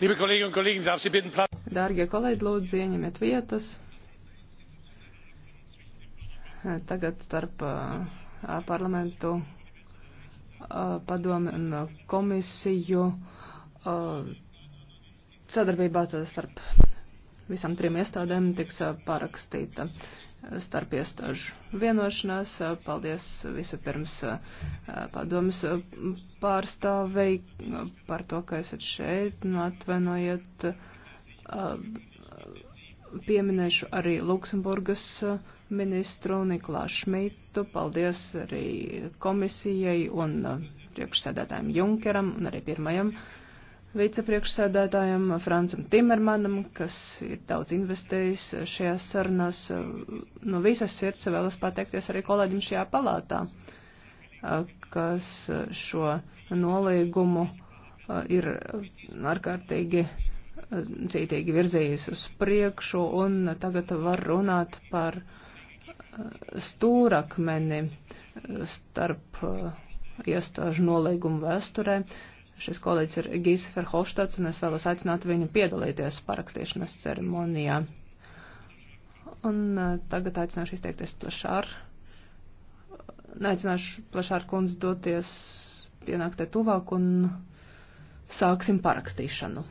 Dārgie kolēģi, lūdzu, ieņemiet vietas. Tagad starp parlamentu padomu un komisiju sadarbībā starp visām trim iestādēm tiks parakstīta starp iestāžu vienošanās. Paldies vispirms eh, padomas eh, pārstāvei eh, par to, ka esat šeit. Nu, atvainojiet, pieminēšu arī Luksemburgas ministru Niklā Šmitu. Paldies arī komisijai un priekšsēdētājiem Junkeram un arī pirmajam uh, vicepriekšsēdētājam Francam Timermanam, kas ir daudz investējis šajās sarunās. No visas sirds vēlas pateikties arī kolēģim šajā palātā, kas šo nolīgumu ir ārkārtīgi cītīgi virzījis uz priekšu un tagad var runāt par stūrakmeni starp iestāžu nolīgumu vēsturē. Šis kolēģis ir Gīsa Ferhofstads, un es vēlos aicināt viņu piedalīties parakstīšanas ceremonijā. Un e, tagad aicināšu izteikties plašāk. Neaicināšu plašāk kundzi doties pienāktē tuvāk un sāksim parakstīšanu.